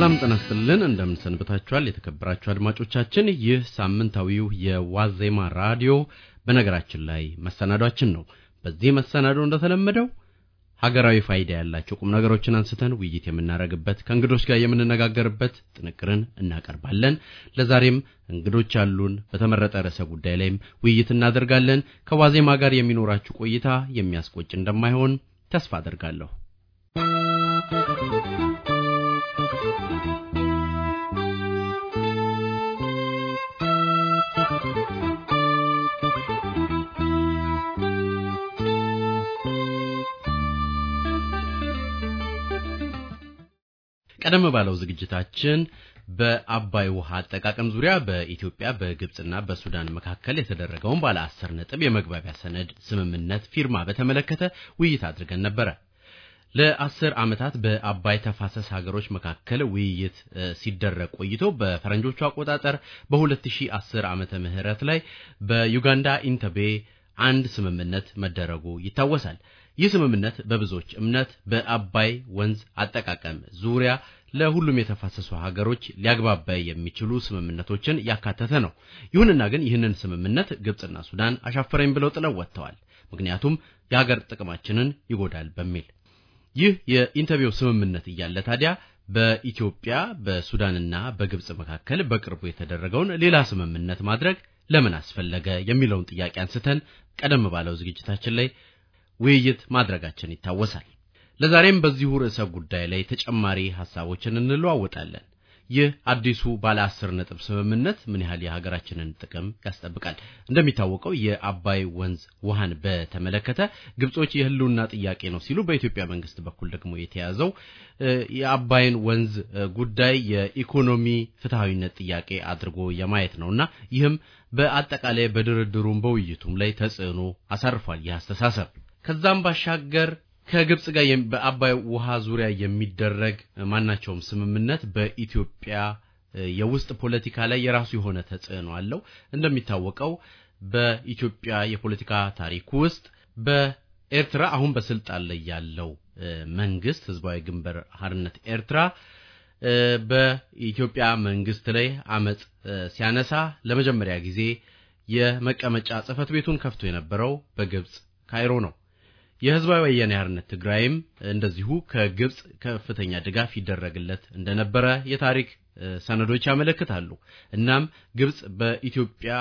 ሰላም ጤና እንደምን ሰንብታችኋል? የተከበራችሁ አድማጮቻችን፣ ይህ ሳምንታዊው የዋዜማ ራዲዮ በነገራችን ላይ መሰናዷችን ነው። በዚህ መሰናዶ እንደተለመደው ሀገራዊ ፋይዳ ያላቸው ቁም ነገሮችን አንስተን ውይይት የምናደርግበት ከእንግዶች ጋር የምንነጋገርበት ጥንቅርን እናቀርባለን። ለዛሬም እንግዶች አሉን። በተመረጠ ርዕሰ ጉዳይ ላይም ውይይት እናደርጋለን። ከዋዜማ ጋር የሚኖራችሁ ቆይታ የሚያስቆጭ እንደማይሆን ተስፋ አደርጋለሁ። ቀደም ባለው ዝግጅታችን በአባይ ውሃ አጠቃቀም ዙሪያ በኢትዮጵያ በግብፅና በሱዳን መካከል የተደረገውን ባለ አስር ነጥብ የመግባቢያ ሰነድ ስምምነት ፊርማ በተመለከተ ውይይት አድርገን ነበረ። ለአስር ዓመታት በአባይ ተፋሰስ ሀገሮች መካከል ውይይት ሲደረግ ቆይቶ በፈረንጆቹ አቆጣጠር በ2010 ዓመተ ምህረት ላይ በዩጋንዳ ኢንተቤ አንድ ስምምነት መደረጉ ይታወሳል። ይህ ስምምነት በብዙዎች እምነት በአባይ ወንዝ አጠቃቀም ዙሪያ ለሁሉም የተፋሰሱ ሀገሮች ሊያግባባ የሚችሉ ስምምነቶችን ያካተተ ነው። ይሁንና ግን ይህንን ስምምነት ግብጽና ሱዳን አሻፈረኝ ብለው ጥለው ወጥተዋል። ምክንያቱም የሀገር ጥቅማችንን ይጎዳል በሚል ይህ የኢንተርቪው ስምምነት እያለ ታዲያ በኢትዮጵያ በሱዳንና በግብጽ መካከል በቅርቡ የተደረገውን ሌላ ስምምነት ማድረግ ለምን አስፈለገ የሚለውን ጥያቄ አንስተን ቀደም ባለው ዝግጅታችን ላይ ውይይት ማድረጋችን ይታወሳል። ለዛሬም በዚሁ ርዕሰ ጉዳይ ላይ ተጨማሪ ሐሳቦችን እንለዋወጣለን። ይህ አዲሱ ባለ አስር ነጥብ ስምምነት ምን ያህል የሀገራችንን ጥቅም ያስጠብቃል? እንደሚታወቀው የአባይ ወንዝ ውሃን በተመለከተ ግብጾች የህልውና ጥያቄ ነው ሲሉ፣ በኢትዮጵያ መንግስት በኩል ደግሞ የተያዘው የአባይን ወንዝ ጉዳይ የኢኮኖሚ ፍትሐዊነት ጥያቄ አድርጎ የማየት እና ይህም በአጠቃላይ በድርድሩም በውይይቱም ላይ ተጽዕኖ አሳርፏል። ይህ አስተሳሰብ ከዛም ባሻገር ከግብጽ ጋር በአባይ ውሃ ዙሪያ የሚደረግ ማናቸውም ስምምነት በኢትዮጵያ የውስጥ ፖለቲካ ላይ የራሱ የሆነ ተጽዕኖ አለው። እንደሚታወቀው በኢትዮጵያ የፖለቲካ ታሪክ ውስጥ በኤርትራ አሁን በስልጣን ላይ ያለው መንግስት ህዝባዊ ግንባር ሀርነት ኤርትራ በኢትዮጵያ መንግስት ላይ አመፅ ሲያነሳ ለመጀመሪያ ጊዜ የመቀመጫ ጽህፈት ቤቱን ከፍቶ የነበረው በግብጽ ካይሮ ነው። የህዝባዊ ወያኔ ሓርነት ትግራይም እንደዚሁ ከግብጽ ከፍተኛ ድጋፍ ይደረግለት እንደነበረ የታሪክ ሰነዶች ያመለክታሉ። እናም ግብጽ በኢትዮጵያ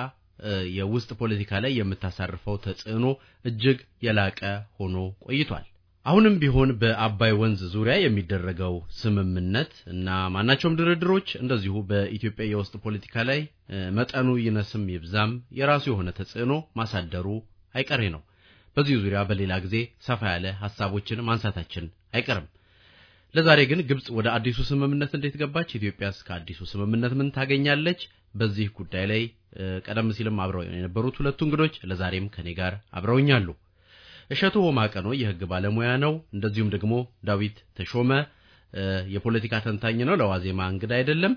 የውስጥ ፖለቲካ ላይ የምታሳርፈው ተጽዕኖ እጅግ የላቀ ሆኖ ቆይቷል። አሁንም ቢሆን በአባይ ወንዝ ዙሪያ የሚደረገው ስምምነት እና ማናቸውም ድርድሮች እንደዚሁ በኢትዮጵያ የውስጥ ፖለቲካ ላይ መጠኑ ይነስም ይብዛም የራሱ የሆነ ተጽዕኖ ማሳደሩ አይቀሬ ነው። በዚህ ዙሪያ በሌላ ጊዜ ሰፋ ያለ ሀሳቦችን ማንሳታችን አይቀርም። ለዛሬ ግን ግብጽ ወደ አዲሱ ስምምነት እንዴት ገባች? ኢትዮጵያስ ከአዲሱ ስምምነት ምን ታገኛለች? በዚህ ጉዳይ ላይ ቀደም ሲልም አብረው የነበሩት ሁለቱ እንግዶች ለዛሬም ከኔ ጋር አብረውኛሉ። እሸቱ ሆማቀኖ የህግ ባለሙያ ነው። እንደዚሁም ደግሞ ዳዊት ተሾመ የፖለቲካ ተንታኝ ነው። ለዋዜማ እንግዳ አይደለም።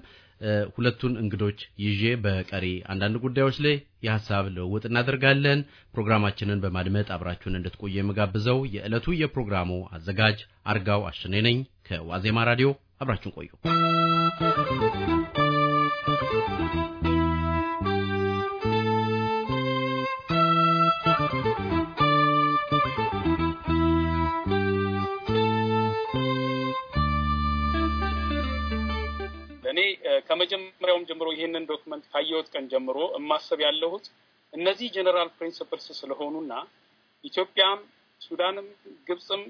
ሁለቱን እንግዶች ይዤ በቀሪ አንዳንድ ጉዳዮች ላይ የሀሳብ ልውውጥ እናደርጋለን። ፕሮግራማችንን በማድመጥ አብራችሁን እንድትቆዩ የምጋብዘው የዕለቱ የፕሮግራሙ አዘጋጅ አርጋው አሽኔ ነኝ። ከዋዜማ ራዲዮ አብራችሁን ቆዩ። ከመጀመሪያውም ጀምሮ ይህንን ዶክመንት ካየሁት ቀን ጀምሮ እማሰብ ያለሁት እነዚህ ጀነራል ፕሪንስፕልስ ስለሆኑና ኢትዮጵያም ሱዳንም ግብፅም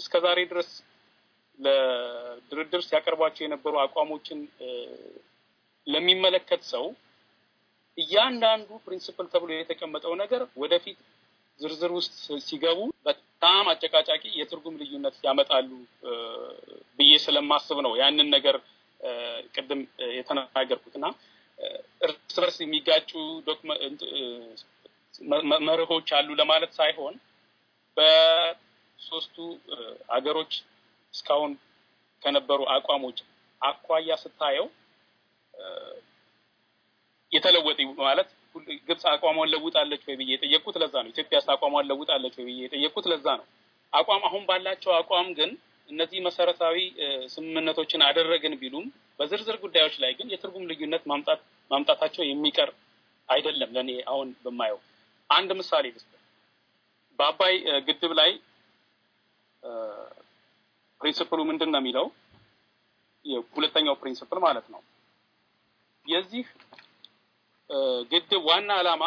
እስከዛሬ ድረስ ለድርድር ሲያቀርቧቸው የነበሩ አቋሞችን ለሚመለከት ሰው እያንዳንዱ ፕሪንስፕል ተብሎ የተቀመጠው ነገር ወደፊት ዝርዝር ውስጥ ሲገቡ በጣም አጨቃጫቂ የትርጉም ልዩነት ያመጣሉ ብዬ ስለማስብ ነው ያንን ነገር ቅድም የተናገርኩት እና እርስ በርስ የሚጋጩ መርሆች አሉ ለማለት ሳይሆን በሶስቱ አገሮች እስካሁን ከነበሩ አቋሞች አኳያ ስታየው የተለወጠ ማለት ግብፅ አቋሟን ለውጣለች ወይ ብዬ የጠየቅኩት ለዛ ነው። ኢትዮጵያስ አቋሟን ለውጣለች ወይ ብዬ የጠየቅኩት ለዛ ነው። አቋም አሁን ባላቸው አቋም ግን እነዚህ መሰረታዊ ስምምነቶችን አደረግን ቢሉም በዝርዝር ጉዳዮች ላይ ግን የትርጉም ልዩነት ማምጣት ማምጣታቸው የሚቀር አይደለም። ለእኔ አሁን በማየው አንድ ምሳሌ ልስጥ። በአባይ ግድብ ላይ ፕሪንስፕሉ ምንድን ነው የሚለው ሁለተኛው ፕሪንስፕል ማለት ነው። የዚህ ግድብ ዋና ዓላማ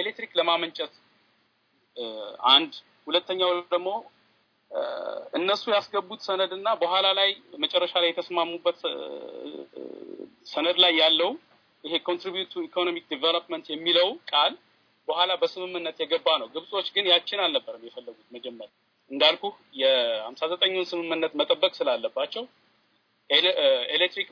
ኤሌክትሪክ ለማመንጨት አንድ፣ ሁለተኛው ደግሞ እነሱ ያስገቡት ሰነድ እና በኋላ ላይ መጨረሻ ላይ የተስማሙበት ሰነድ ላይ ያለው ይሄ ኮንትሪቢዩት ቱ ኢኮኖሚክ ዲቨሎፕመንት የሚለው ቃል በኋላ በስምምነት የገባ ነው። ግብጾች ግን ያችን አልነበረም የፈለጉት። መጀመር እንዳልኩ የአምሳ ዘጠኙን ስምምነት መጠበቅ ስላለባቸው ኤሌክትሪክ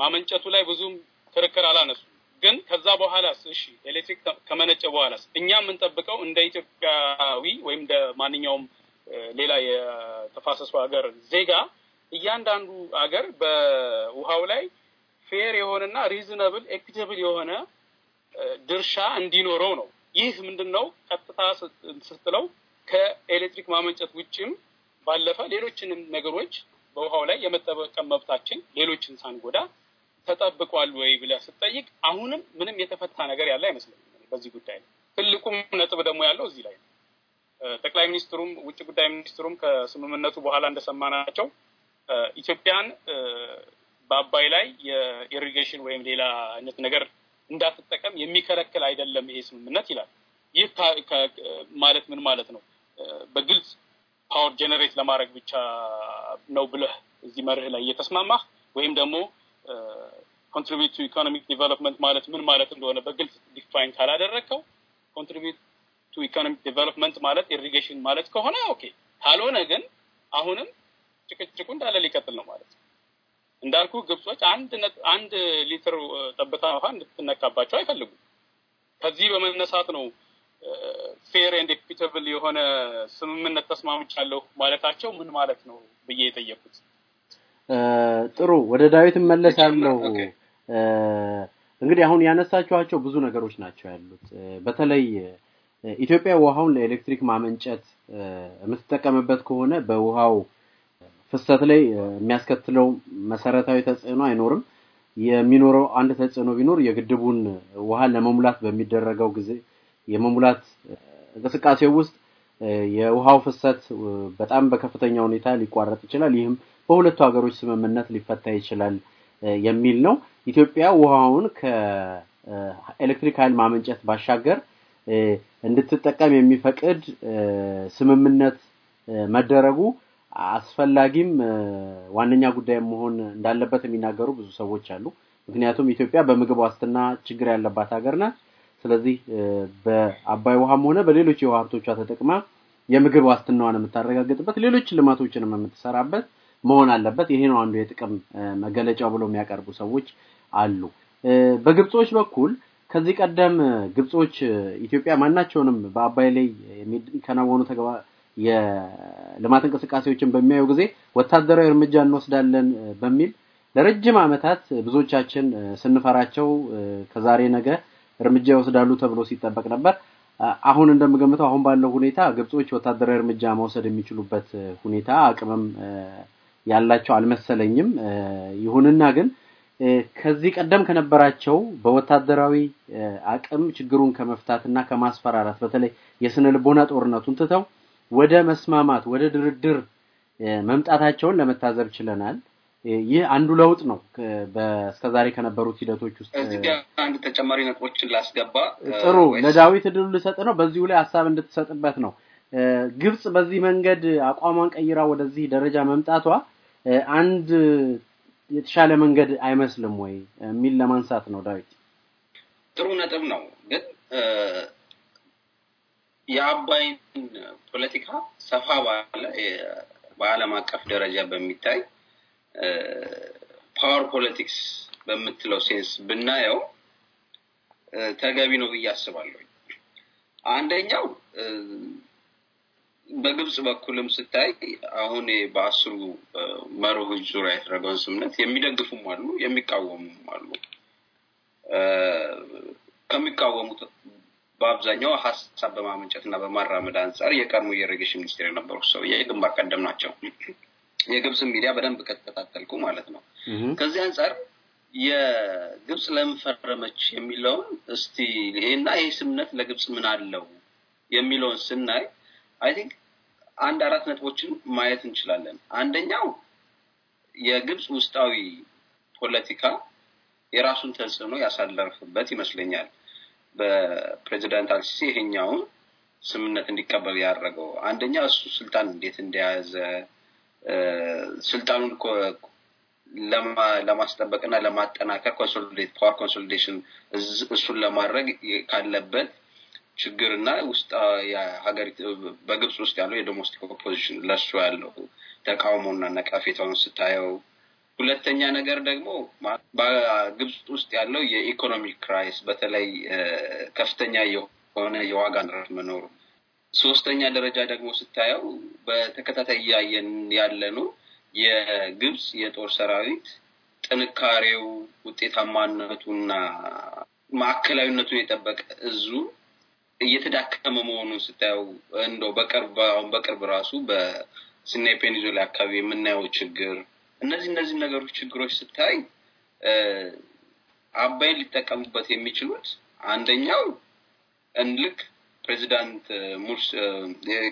ማመንጨቱ ላይ ብዙም ክርክር አላነሱ። ግን ከዛ በኋላስ እሺ ኤሌክትሪክ ከመነጨ በኋላስ እኛ የምንጠብቀው እንደ ኢትዮጵያዊ ወይም እንደ ማንኛውም ሌላ የተፋሰሱ ሀገር ዜጋ እያንዳንዱ ሀገር በውሃው ላይ ፌር የሆነና ሪዝነብል ኤክዊታብል የሆነ ድርሻ እንዲኖረው ነው። ይህ ምንድን ነው? ቀጥታ ስትለው ከኤሌክትሪክ ማመንጨት ውጭም ባለፈ ሌሎችንም ነገሮች በውሃው ላይ የመጠቀም መብታችን ሌሎችን ሳንጎዳ ተጠብቋል ወይ ብለህ ስትጠይቅ አሁንም ምንም የተፈታ ነገር ያለ አይመስለኝም በዚህ ጉዳይ ትልቁም ነጥብ ደግሞ ያለው እዚህ ላይ ነው። ጠቅላይ ሚኒስትሩም ውጭ ጉዳይ ሚኒስትሩም ከስምምነቱ በኋላ እንደሰማናቸው ኢትዮጵያን በአባይ ላይ የኢሪጌሽን ወይም ሌላ አይነት ነገር እንዳትጠቀም የሚከለክል አይደለም ይሄ ስምምነት ይላል። ይህ ማለት ምን ማለት ነው? በግልጽ ፓወር ጀነሬት ለማድረግ ብቻ ነው ብለህ እዚህ መርህ ላይ እየተስማማህ ወይም ደግሞ ኮንትሪቢዩት ቱ ኢኮኖሚክ ዲቨሎፕመንት ማለት ምን ማለት እንደሆነ በግልጽ ዲፋይን ካላደረግከው ኮንትሪቢዩት ቱ ኢኮኖሚክ ዴቨሎፕመንት ማለት ኢሪጌሽን ማለት ከሆነ ኦኬ፣ ካልሆነ ግን አሁንም ጭቅጭቁ እንዳለ ሊቀጥል ነው ማለት ነው። እንዳልኩ ግብጾች አንድ አንድ ሊትር ጠብታ ውሃ እንድትነካባቸው አይፈልጉም። ከዚህ በመነሳት ነው ፌር ኤንድ ኤኩቴብል የሆነ ስምምነት ተስማምቻለሁ ማለታቸው ምን ማለት ነው ብዬ የጠየኩት። ጥሩ ወደ ዳዊት እመለሳለሁ። እንግዲህ አሁን ያነሳችኋቸው ብዙ ነገሮች ናቸው ያሉት በተለይ ኢትዮጵያ ውሃውን ለኤሌክትሪክ ማመንጨት የምትጠቀምበት ከሆነ በውሃው ፍሰት ላይ የሚያስከትለው መሰረታዊ ተጽዕኖ አይኖርም። የሚኖረው አንድ ተጽዕኖ ቢኖር የግድቡን ውሃ ለመሙላት በሚደረገው ጊዜ የመሙላት እንቅስቃሴ ውስጥ የውሃው ፍሰት በጣም በከፍተኛ ሁኔታ ሊቋረጥ ይችላል። ይህም በሁለቱ ሀገሮች ስምምነት ሊፈታ ይችላል የሚል ነው። ኢትዮጵያ ውሃውን ከኤሌክትሪክ ኃይል ማመንጨት ባሻገር እንድትጠቀም የሚፈቅድ ስምምነት መደረጉ አስፈላጊም ዋነኛ ጉዳይ መሆን እንዳለበት የሚናገሩ ብዙ ሰዎች አሉ። ምክንያቱም ኢትዮጵያ በምግብ ዋስትና ችግር ያለባት ሀገር ናት። ስለዚህ በአባይ ውሃም ሆነ በሌሎች የውሃ ሀብቶቿ ተጠቅማ የምግብ ዋስትናዋን የምታረጋግጥበት ሌሎች ልማቶችንም የምትሰራበት መሆን አለበት። ይሄ ነው አንዱ የጥቅም መገለጫው ብሎ የሚያቀርቡ ሰዎች አሉ። በግብጾች በኩል ከዚህ ቀደም ግብጾች ኢትዮጵያ ማናቸውንም በአባይ ላይ የሚከናወኑ ተግባ የልማት እንቅስቃሴዎችን በሚያዩ ጊዜ ወታደራዊ እርምጃ እንወስዳለን በሚል ለረጅም ዓመታት ብዙዎቻችን ስንፈራቸው ከዛሬ ነገ እርምጃ ይወስዳሉ ተብሎ ሲጠበቅ ነበር። አሁን እንደምገምተው አሁን ባለው ሁኔታ ግብጾች ወታደራዊ እርምጃ መውሰድ የሚችሉበት ሁኔታ አቅምም ያላቸው አልመሰለኝም። ይሁንና ግን ከዚህ ቀደም ከነበራቸው በወታደራዊ አቅም ችግሩን ከመፍታት እና ከማስፈራራት በተለይ የስነ ልቦና ጦርነቱን ትተው ወደ መስማማት ወደ ድርድር መምጣታቸውን ለመታዘብ ችለናል። ይህ አንዱ ለውጥ ነው እስከዛሬ ከነበሩት ሂደቶች ውስጥ። እዚህ ጋር አንድ ተጨማሪ ነጥቦችን ላስገባ። ጥሩ፣ ለዳዊት እድሉ ልሰጥ ነው። በዚሁ ላይ ሀሳብ እንድትሰጥበት ነው። ግብጽ በዚህ መንገድ አቋሟን ቀይራ ወደዚህ ደረጃ መምጣቷ አንድ የተሻለ መንገድ አይመስልም ወይ የሚል ለማንሳት ነው። ዳዊት ጥሩ ነጥብ ነው። ግን የአባይን ፖለቲካ ሰፋ ባለ በአለም አቀፍ ደረጃ በሚታይ ፓወር ፖለቲክስ በምትለው ሴንስ ብናየው ተገቢ ነው ብዬ አስባለሁ። አንደኛው በግብጽ በኩልም ስታይ አሁን በአስሩ መርሆች ዙሪያ የተደረገውን ስምነት የሚደግፉም አሉ፣ የሚቃወሙም አሉ። ከሚቃወሙት በአብዛኛው ሀሳብ በማመንጨት እና በማራመድ አንጻር የቀድሞ የኢሪጌሽን ሚኒስቴር የነበሩ ሰውዬ ግንባር ቀደም ናቸው። የግብጽ ሚዲያ በደንብ ከተከታተልኩ ማለት ነው። ከዚህ አንጻር የግብጽ ለምፈረመች የሚለውን እስቲ ይሄና ይሄ ስምነት ለግብጽ ምን አለው የሚለውን ስናይ አይ ቲንክ አንድ አራት ነጥቦችን ማየት እንችላለን። አንደኛው የግብፅ ውስጣዊ ፖለቲካ የራሱን ተጽዕኖ ያሳለፍበት ይመስለኛል በፕሬዚዳንት አልሲሲ ይሄኛውን ስምምነት እንዲቀበል ያደረገው አንደኛ እሱ ስልጣን እንዴት እንደያዘ ስልጣኑን ለማስጠበቅ ለማጠናከር ኮንሶሊዴት ፓወር ኮንሶሊዴሽን እሱን ለማድረግ ካለበት ችግርና ውስጥ በግብጽ ውስጥ ያለው የዶሞስቲክ ኦፖዚሽን ለሱ ያለው ተቃውሞና ነቀፌታውን ስታየው፣ ሁለተኛ ነገር ደግሞ በግብጽ ውስጥ ያለው የኢኮኖሚ ክራይስ በተለይ ከፍተኛ የሆነ የዋጋ ንረት መኖሩ፣ ሶስተኛ ደረጃ ደግሞ ስታየው በተከታታይ እያየን ያለኑ የግብጽ የጦር ሰራዊት ጥንካሬው ውጤታማነቱና ማዕከላዊነቱን የጠበቀ እዙ እየተዳከመ መሆኑን ስታየው እንደው በቅርብ አሁን በቅርብ ራሱ በስናይ ፔኒንሱላ አካባቢ የምናየው ችግር እነዚህ እነዚህ ነገሮች ችግሮች ስታይ አባይን ሊጠቀሙበት የሚችሉት አንደኛው እንልክ ፕሬዚዳንት ሙርስ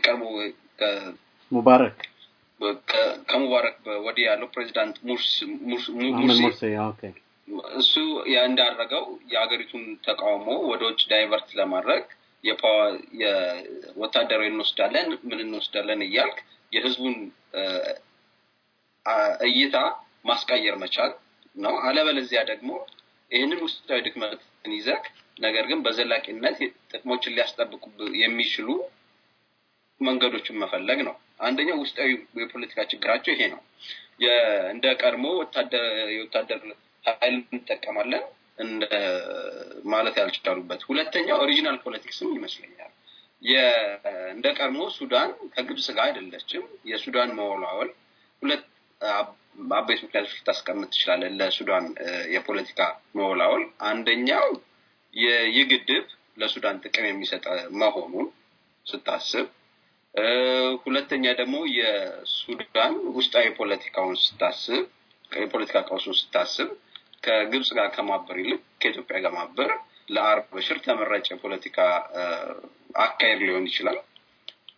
ቀርቦ ሙባረክ ከሙባረክ ወዲህ ያለው ፕሬዚዳንት ሙርሲ እሱ እንዳረገው የሀገሪቱን ተቃውሞ ወደ ውጭ ዳይቨርት ለማድረግ ወታደራዊ እንወስዳለን ምን እንወስዳለን እያልክ የህዝቡን እይታ ማስቀየር መቻል ነው። አለበለዚያ ደግሞ ይህንን ውስጣዊ ድክመትን ይዘክ ነገር ግን በዘላቂነት ጥቅሞችን ሊያስጠብቁ የሚችሉ መንገዶችን መፈለግ ነው። አንደኛው ውስጣዊ የፖለቲካ ችግራቸው ይሄ ነው። እንደ ቀድሞ የወታደር ሀይል እንጠቀማለን ማለት ያልቻሉበት። ሁለተኛው ኦሪጂናል ፖለቲክስም ይመስለኛል እንደ ቀድሞ ሱዳን ከግብጽ ጋር አይደለችም። የሱዳን መወላወል ሁለት አበይት ምክንያቶች ልታስቀምጥ ትችላለን ለሱዳን የፖለቲካ መወላወል። አንደኛው የግድብ ለሱዳን ጥቅም የሚሰጥ መሆኑን ስታስብ፣ ሁለተኛ ደግሞ የሱዳን ውስጣዊ ፖለቲካውን ስታስብ፣ የፖለቲካ ቀውሱን ስታስብ ከግብጽ ጋር ከማበር ይልቅ ከኢትዮጵያ ጋር ማበር ለአርብ በሽር ተመራጭ የፖለቲካ አካሄድ ሊሆን ይችላል።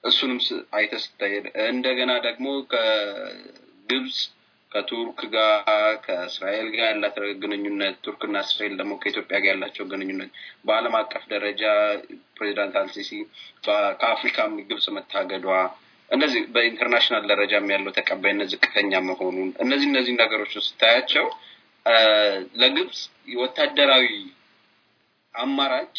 እሱንም አይተህ ስታሄድ እንደገና ደግሞ ከግብጽ ከቱርክ ጋር ከእስራኤል ጋር ያላት ግንኙነት ቱርክና እስራኤል ደግሞ ከኢትዮጵያ ጋር ያላቸው ግንኙነት በአለም አቀፍ ደረጃ ፕሬዚዳንት አልሲሲ ከአፍሪካም ግብጽ መታገዷ እነዚህ በኢንተርናሽናል ደረጃም ያለው ተቀባይነት ዝቅተኛ መሆኑን እነዚህ እነዚህ ነገሮች ስታያቸው ለግብጽ ወታደራዊ አማራጭ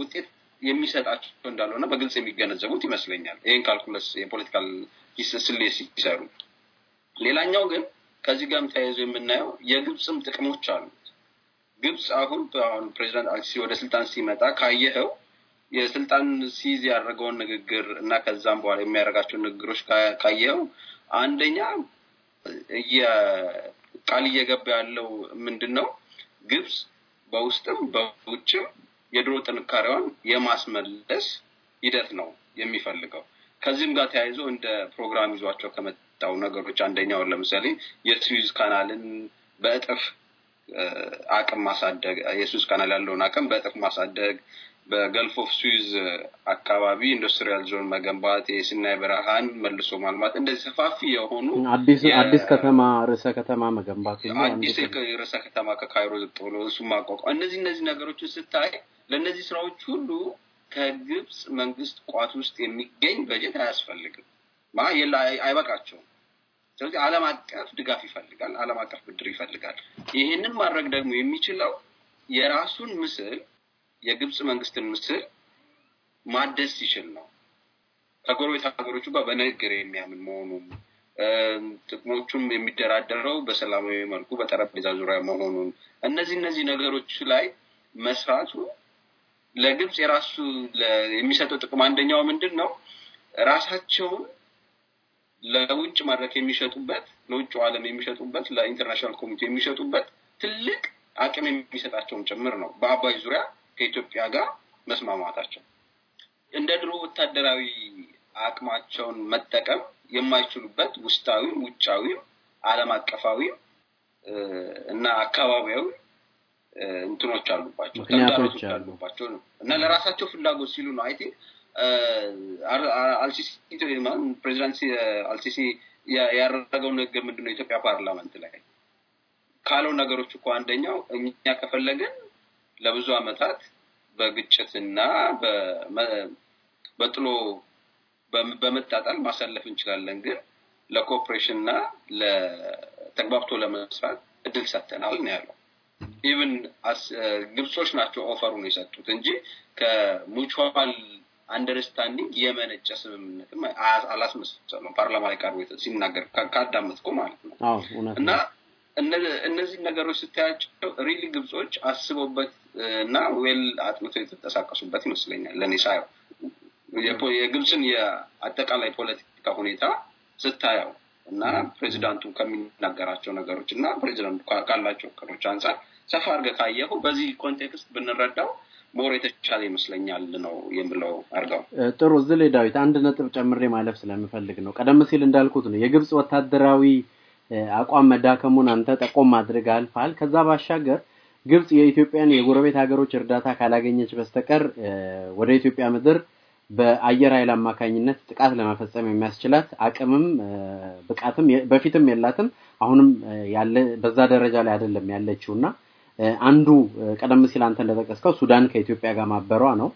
ውጤት የሚሰጣቸው እንዳልሆነ በግልጽ የሚገነዘቡት ይመስለኛል። ይህን ካልኩለስ የፖለቲካል ስሌ ሲሰሩ፣ ሌላኛው ግን ከዚህ ጋርም ተያይዞ የምናየው የግብፅም ጥቅሞች አሉት። ግብፅ አሁን አሁን ፕሬዚዳንት አልሲሲ ወደ ስልጣን ሲመጣ ካየኸው የስልጣን ሲዝ ያደረገውን ንግግር እና ከዛም በኋላ የሚያደርጋቸውን ንግግሮች ካየኸው አንደኛ ቃል እየገባ ያለው ምንድን ነው? ግብጽ በውስጥም በውጭም የድሮ ጥንካሬዋን የማስመለስ ሂደት ነው የሚፈልገው። ከዚህም ጋር ተያይዞ እንደ ፕሮግራም ይዟቸው ከመጣው ነገሮች አንደኛውን ለምሳሌ የስዊዝ ካናልን በእጥፍ አቅም ማሳደግ፣ የስዊዝ ካናል ያለውን አቅም በእጥፍ ማሳደግ፣ በገልፍ ኦፍ ስዊዝ አካባቢ ኢንዱስትሪያል ዞን መገንባት፣ የሲናይ በረሃን መልሶ ማልማት፣ እንደዚህ ሰፋፊ የሆኑ አዲስ ከተማ ርዕሰ ከተማ መገንባት፣ አዲስ ርዕሰ ከተማ ከካይሮ ዝቅ እሱ ማቋቋም፣ እነዚህ እነዚህ ነገሮችን ስታይ ለእነዚህ ስራዎች ሁሉ ከግብፅ መንግስት ቋት ውስጥ የሚገኝ በጀት አያስፈልግም፣ ማ አይበቃቸውም። ስለዚህ ዓለም አቀፍ ድጋፍ ይፈልጋል፣ ዓለም አቀፍ ብድር ይፈልጋል። ይህንን ማድረግ ደግሞ የሚችለው የራሱን ምስል የግብፅ መንግስትን ምስል ማደስ ይችል ነው። ከጎረቤት ሀገሮቹ ጋር በንግግር የሚያምን መሆኑን ጥቅሞቹም የሚደራደረው በሰላማዊ መልኩ በጠረጴዛ ዙሪያ መሆኑን እነዚህ እነዚህ ነገሮች ላይ መስራቱ ለግብፅ የራሱ የሚሰጠው ጥቅም አንደኛው ምንድን ነው? ራሳቸውን ለውጭ መድረክ የሚሸጡበት ለውጭ አለም የሚሸጡበት ለኢንተርናሽናል ኮሚቴ የሚሸጡበት ትልቅ አቅም የሚሰጣቸውን ጭምር ነው በአባይ ዙሪያ ከኢትዮጵያ ጋር መስማማታቸው እንደ ድሮ ወታደራዊ አቅማቸውን መጠቀም የማይችሉበት ውስጣዊም ውጫዊም አለም አቀፋዊም እና አካባቢያዊ እንትኖች አሉባቸው ተግዳሮቶች አሉባቸው ነው እና ለራሳቸው ፍላጎት ሲሉ ነው አይቲ አልሲሲ ፕሬዚዳንት አልሲሲ ያደረገው ንግግር ምንድነው ኢትዮጵያ ፓርላመንት ላይ ካለው ነገሮች እኮ አንደኛው እኛ ከፈለገን ለብዙ ዓመታት በግጭትና በጥሎ በመጣጣል ማሳለፍ እንችላለን። ግን ለኮኦፕሬሽንና ለተግባብቶ ለመስራት እድል ሰጥተናል ነው ያለው። ኢቭን ግብጾች ናቸው ኦፈሩን የሰጡት እንጂ ከሙቹዋል አንደርስታንዲንግ የመነጨ ስምምነትም አላስመሰሉም። ፓርላማ ላይ ቀርቦ ሲናገር ካዳመጥኩ ማለት ነው እና እነዚህ ነገሮች ስታያቸው ሪሊ ግብጾች አስበውበት እና ዌል አጥምቶ የተንቀሳቀሱበት ይመስለኛል። ለእኔ ሳየው የግብፅን የአጠቃላይ ፖለቲካ ሁኔታ ስታየው እና ፕሬዚዳንቱ ከሚናገራቸው ነገሮች እና ፕሬዚዳንቱ ካላቸው ቅሮች አንጻር ሰፋ አርገ ካየሁ በዚህ ኮንቴክስት ብንረዳው ሞር የተቻለ ይመስለኛል ነው የምለው። አርገው ጥሩ። እዚህ ላይ ዳዊት አንድ ነጥብ ጨምሬ ማለፍ ስለምፈልግ ነው። ቀደም ሲል እንዳልኩት ነው የግብፅ ወታደራዊ አቋም መዳከሙን አንተ ጠቆም ማድረግ አልፋል ከዛ ባሻገር ግብጽ የኢትዮጵያን የጎረቤት ሀገሮች እርዳታ ካላገኘች በስተቀር ወደ ኢትዮጵያ ምድር በአየር ኃይል አማካኝነት ጥቃት ለመፈጸም የሚያስችላት አቅምም ብቃትም በፊትም የላትም። አሁንም ያለ በዛ ደረጃ ላይ አይደለም ያለችው እና አንዱ ቀደም ሲል አንተ እንደጠቀስከው ሱዳን ከኢትዮጵያ ጋር ማበሯ ነው።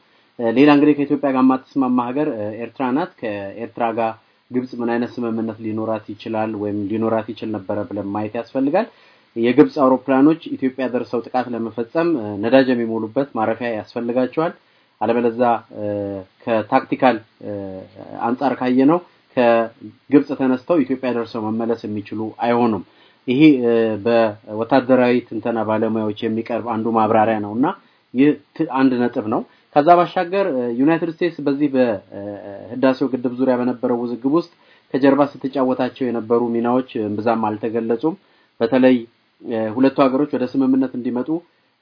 ሌላ እንግዲህ ከኢትዮጵያ ጋር የማትስማማ ሀገር ኤርትራ ናት። ከኤርትራ ጋር ግብጽ ምን አይነት ስምምነት ሊኖራት ይችላል ወይም ሊኖራት ይችል ነበረ ብለን ማየት ያስፈልጋል። የግብፅ አውሮፕላኖች ኢትዮጵያ ደርሰው ጥቃት ለመፈጸም ነዳጅ የሚሞሉበት ማረፊያ ያስፈልጋቸዋል። አለበለዛ ከታክቲካል አንጻር ካየ ነው ከግብፅ ተነስተው ኢትዮጵያ ደርሰው መመለስ የሚችሉ አይሆኑም። ይሄ በወታደራዊ ትንተና ባለሙያዎች የሚቀርብ አንዱ ማብራሪያ ነው እና ይህ አንድ ነጥብ ነው። ከዛ ባሻገር ዩናይትድ ስቴትስ በዚህ በህዳሴው ግድብ ዙሪያ በነበረው ውዝግብ ውስጥ ከጀርባ ስትጫወታቸው የነበሩ ሚናዎች እምብዛም አልተገለጹም። በተለይ ሁለቱ ሀገሮች ወደ ስምምነት እንዲመጡ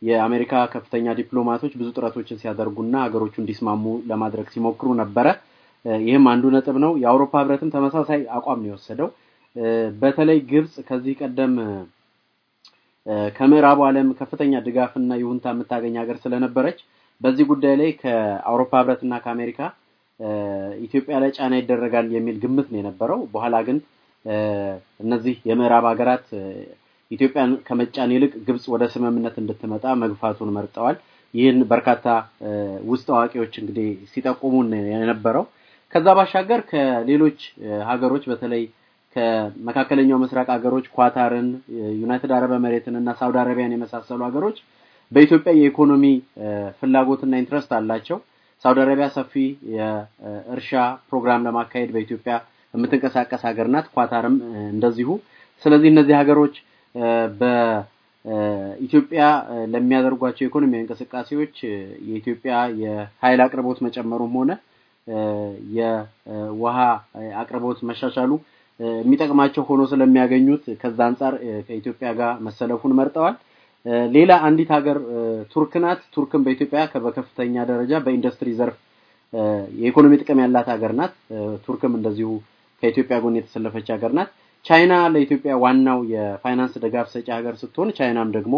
የአሜሪካ ከፍተኛ ዲፕሎማቶች ብዙ ጥረቶችን ሲያደርጉና ሀገሮቹ እንዲስማሙ ለማድረግ ሲሞክሩ ነበረ። ይህም አንዱ ነጥብ ነው። የአውሮፓ ህብረትም ተመሳሳይ አቋም ነው የወሰደው። በተለይ ግብጽ ከዚህ ቀደም ከምዕራቡ ዓለም ከፍተኛ ድጋፍና ይሁንታ የምታገኝ ሀገር ስለነበረች በዚህ ጉዳይ ላይ ከአውሮፓ ህብረትና ከአሜሪካ ኢትዮጵያ ላይ ጫና ይደረጋል የሚል ግምት ነው የነበረው። በኋላ ግን እነዚህ የምዕራብ ሀገራት ኢትዮጵያን ከመጫን ይልቅ ግብጽ ወደ ስምምነት እንድትመጣ መግፋቱን መርጠዋል። ይህን በርካታ ውስጥ አዋቂዎች እንግዲህ ሲጠቁሙ የነበረው ከዛ ባሻገር ከሌሎች ሀገሮች በተለይ ከመካከለኛው ምስራቅ ሀገሮች ኳታርን፣ ዩናይትድ አረብ ኤሜሬትን እና ሳውዲ አረቢያን የመሳሰሉ ሀገሮች በኢትዮጵያ የኢኮኖሚ ፍላጎትና ኢንትረስት አላቸው። ሳውዲ አረቢያ ሰፊ የእርሻ ፕሮግራም ለማካሄድ በኢትዮጵያ የምትንቀሳቀስ ሀገር ናት። ኳታርም እንደዚሁ። ስለዚህ እነዚህ ሀገሮች በኢትዮጵያ ለሚያደርጓቸው የኢኮኖሚ እንቅስቃሴዎች የኢትዮጵያ የኃይል አቅርቦት መጨመሩም ሆነ የውሃ አቅርቦት መሻሻሉ የሚጠቅማቸው ሆኖ ስለሚያገኙት ከዛ አንጻር ከኢትዮጵያ ጋር መሰለፉን መርጠዋል። ሌላ አንዲት ሀገር ቱርክ ናት። ቱርክም በኢትዮጵያ በከፍተኛ ደረጃ በኢንዱስትሪ ዘርፍ የኢኮኖሚ ጥቅም ያላት ሀገር ናት። ቱርክም እንደዚሁ ከኢትዮጵያ ጎን የተሰለፈች ሀገር ናት። ቻይና ለኢትዮጵያ ዋናው የፋይናንስ ድጋፍ ሰጪ ሀገር ስትሆን ቻይናም ደግሞ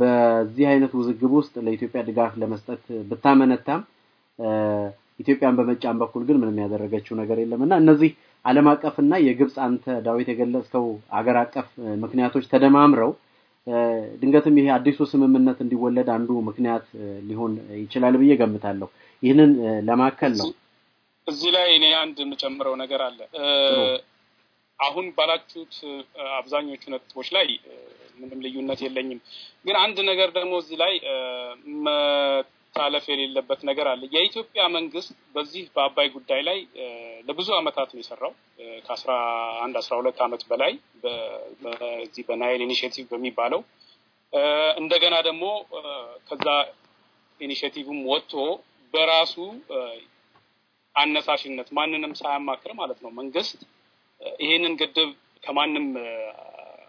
በዚህ አይነት ውዝግብ ውስጥ ለኢትዮጵያ ድጋፍ ለመስጠት ብታመነታም ኢትዮጵያን በመጫን በኩል ግን ምንም ያደረገችው ነገር የለም እና እነዚህ አቀፍ አቀፍና የግብፅ አንተ ዳዊት የገለጽከው አገር አቀፍ ምክንያቶች ተደማምረው ድንገትም ይሄ አዲሱ ስምምነት እንዲወለድ አንዱ ምክንያት ሊሆን ይችላል ብዬ ገምታለሁ። ይህንን ለማከል ነው። እዚህ ላይ እኔ አንድ የምጨምረው ነገር አለ። አሁን ባላችሁት አብዛኞቹ ነጥቦች ላይ ምንም ልዩነት የለኝም። ግን አንድ ነገር ደግሞ እዚህ ላይ መታለፍ የሌለበት ነገር አለ። የኢትዮጵያ መንግስት በዚህ በአባይ ጉዳይ ላይ ለብዙ አመታት ነው የሰራው። ከአስራ አንድ አስራ ሁለት ዓመት በላይ በዚህ በናይል ኢኒሽቲቭ በሚባለው እንደገና ደግሞ ከዛ ኢኒሽቲቭም ወጥቶ በራሱ አነሳሽነት ማንንም ሳያማክር ማለት ነው መንግስት ይሄንን ግድብ ከማንም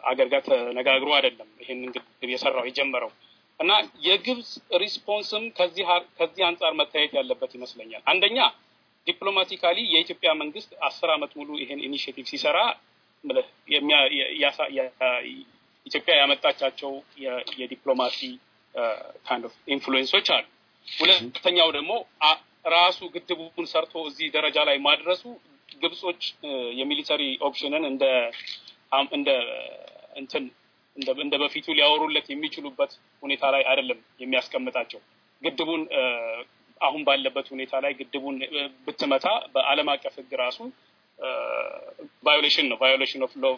አገር ጋር ተነጋግሮ አይደለም ይሄንን ግድብ የሰራው የጀመረው እና የግብፅ ሪስፖንስም ከዚህ አንጻር መታየት ያለበት ይመስለኛል። አንደኛ ዲፕሎማቲካሊ የኢትዮጵያ መንግስት አስር ዓመት ሙሉ ይሄን ኢኒሽቲቭ ሲሰራ ኢትዮጵያ ያመጣቻቸው የዲፕሎማሲ ካንድ ኦፍ ኢንፍሉዌንሶች አሉ። ሁለተኛው ደግሞ ራሱ ግድቡን ሰርቶ እዚህ ደረጃ ላይ ማድረሱ ግብጾች የሚሊተሪ ኦፕሽንን እንደ እንደ እንትን እንደ እንደ በፊቱ ሊያወሩለት የሚችሉበት ሁኔታ ላይ አይደለም የሚያስቀምጣቸው። ግድቡን አሁን ባለበት ሁኔታ ላይ ግድቡን ብትመታ በአለም አቀፍ ህግ ራሱ ቫዮሌሽን ነው። ቫዮሌሽን ኦፍ ሎቭ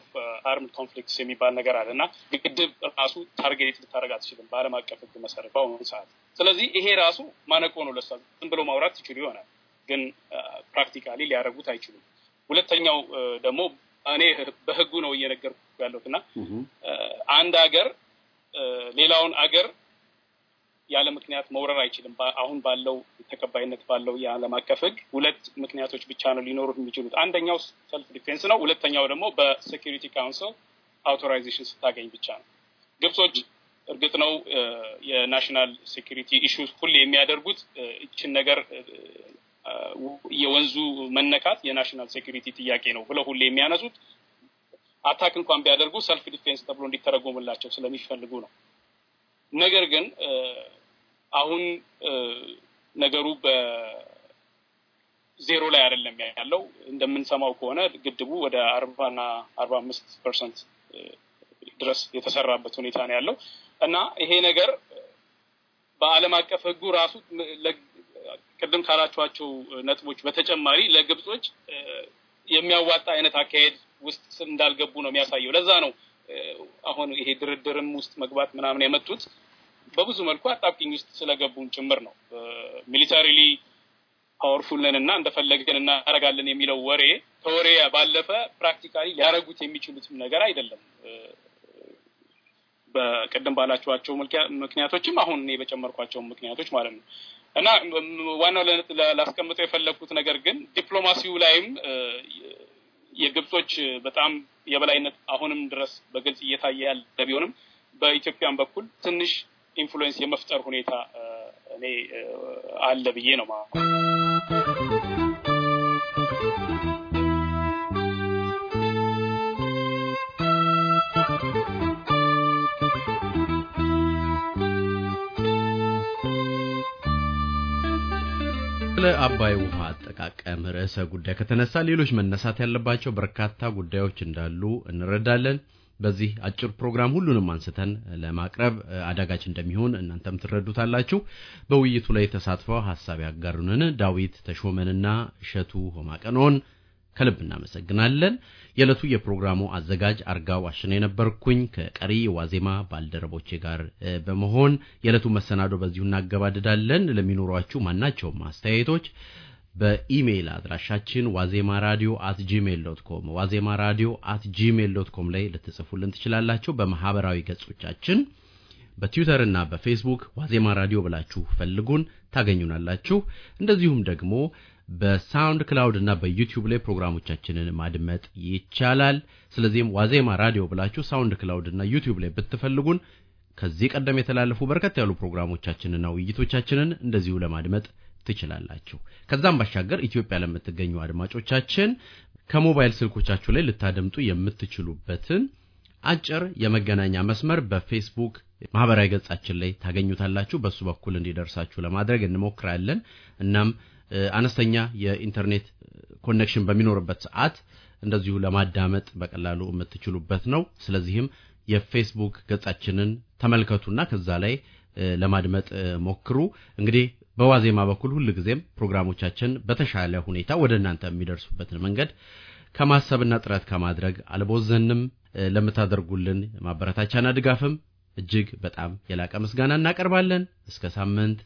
አርም ኮንፍሊክትስ የሚባል ነገር አለ እና ግድብ ራሱ ታርጌት ልታደረግ አትችልም በአለም አቀፍ ህግ መሰረት በአሁኑ ሰዓት። ስለዚህ ይሄ ራሱ ማነቆ ነው ለሳ ዝም ብሎ ማውራት ትችሉ ይሆናል ግን ፕራክቲካሊ ሊያደረጉት አይችሉም። ሁለተኛው ደግሞ እኔ በህጉ ነው እየነገርኩ ያለሁት እና አንድ ሀገር ሌላውን አገር ያለ ምክንያት መውረር አይችልም። አሁን ባለው ተቀባይነት ባለው የዓለም አቀፍ ህግ ሁለት ምክንያቶች ብቻ ነው ሊኖሩት የሚችሉት። አንደኛው ሰልፍ ዲፌንስ ነው። ሁለተኛው ደግሞ በሴኪሪቲ ካውንስል አውቶራይዜሽን ስታገኝ ብቻ ነው። ግብጾች እርግጥ ነው የናሽናል ሴኪሪቲ ኢሹ ሁሌ የሚያደርጉት ይችን ነገር የወንዙ መነካት የናሽናል ሴኩሪቲ ጥያቄ ነው ብለው ሁሌ የሚያነሱት አታክ እንኳን ቢያደርጉ ሰልፍ ዲፌንስ ተብሎ እንዲተረጎምላቸው ስለሚፈልጉ ነው። ነገር ግን አሁን ነገሩ በዜሮ ላይ አይደለም ያለው። እንደምንሰማው ከሆነ ግድቡ ወደ አርባ ና አርባ አምስት ፐርሰንት ድረስ የተሰራበት ሁኔታ ነው ያለው እና ይሄ ነገር በአለም አቀፍ ህጉ ራሱ ቅድም ካላቸኋቸው ነጥቦች በተጨማሪ ለግብጾች የሚያዋጣ አይነት አካሄድ ውስጥ እንዳልገቡ ነው የሚያሳየው። ለዛ ነው አሁን ይሄ ድርድርም ውስጥ መግባት ምናምን የመጡት በብዙ መልኩ አጣብቂኝ ውስጥ ስለገቡን ጭምር ነው። ሚሊታሪሊ ፓወርፉል ነን እና እንደፈለግን እናረጋለን የሚለው ወሬ ከወሬ ባለፈ ፕራክቲካሊ ሊያረጉት የሚችሉትም ነገር አይደለም። በቅድም ባላቸኋቸው ምክንያቶችም አሁን እኔ በጨመርኳቸው ምክንያቶች ማለት ነው እና ዋናው ላስቀምጠው የፈለግኩት ነገር ግን ዲፕሎማሲው ላይም የግብጾች በጣም የበላይነት አሁንም ድረስ በግልጽ እየታየ ያለ ቢሆንም በኢትዮጵያን በኩል ትንሽ ኢንፍሉዌንስ የመፍጠር ሁኔታ እኔ አለ ብዬ ነው። ስለ አባይ ውሃ አጠቃቀም ርዕሰ ጉዳይ ከተነሳ ሌሎች መነሳት ያለባቸው በርካታ ጉዳዮች እንዳሉ እንረዳለን። በዚህ አጭር ፕሮግራም ሁሉንም አንስተን ለማቅረብ አዳጋች እንደሚሆን እናንተም ትረዱታላችሁ። በውይይቱ ላይ ተሳትፈው ሀሳብ ያጋሩንን ዳዊት ተሾመንና እሸቱ ሆማቀኖን ከልብ እናመሰግናለን። የዕለቱ የፕሮግራሙ አዘጋጅ አርጋው አሽነ የነበርኩኝ ከቀሪ ዋዜማ ባልደረቦቼ ጋር በመሆን የዕለቱ መሰናዶ በዚሁ እናገባድዳለን። ለሚኖሯችሁ ማናቸውም አስተያየቶች በኢሜይል አድራሻችን ዋዜማ ራዲዮ አት ጂሜል ዶት ኮም ዋዜማ ራዲዮ አት ጂሜል ዶት ኮም ላይ ልትጽፉልን ትችላላችሁ። በማህበራዊ ገጾቻችን በትዊተር እና በፌስቡክ ዋዜማ ራዲዮ ብላችሁ ፈልጉን ታገኙናላችሁ። እንደዚሁም ደግሞ በሳውንድ ክላውድ እና በዩቲዩብ ላይ ፕሮግራሞቻችንን ማድመጥ ይቻላል። ስለዚህም ዋዜማ ራዲዮ ብላችሁ ሳውንድ ክላውድ እና ዩቲዩብ ላይ ብትፈልጉን ከዚህ ቀደም የተላለፉ በርከት ያሉ ፕሮግራሞቻችንና ውይይቶቻችንን እንደዚሁ ለማድመጥ ትችላላችሁ። ከዛም ባሻገር ኢትዮጵያ ለምትገኙ አድማጮቻችን ከሞባይል ስልኮቻችሁ ላይ ልታደምጡ የምትችሉበትን አጭር የመገናኛ መስመር በፌስቡክ ማህበራዊ ገጻችን ላይ ታገኙታላችሁ። በሱ በኩል እንዲደርሳችሁ ለማድረግ እንሞክራለን እናም አነስተኛ የኢንተርኔት ኮኔክሽን በሚኖርበት ሰዓት እንደዚሁ ለማዳመጥ በቀላሉ የምትችሉበት ነው። ስለዚህም የፌስቡክ ገጻችንን ተመልከቱና ከዛ ላይ ለማድመጥ ሞክሩ። እንግዲህ በዋዜማ በኩል ጊዜም ፕሮግራሞቻችን በተሻለ ሁኔታ ወደ እናንተ የሚደርሱበትን መንገድ ከማሰብና ጥረት ከማድረግ አልቦዘንም። ለምታደርጉልን ማበረታቻና ድጋፍም እጅግ በጣም የላቀ ምስጋና እናቀርባለን። እስከ ሳምንት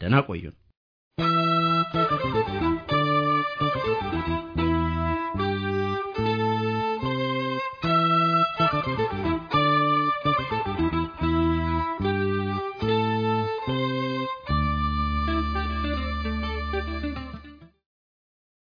ደህና ቆዩን።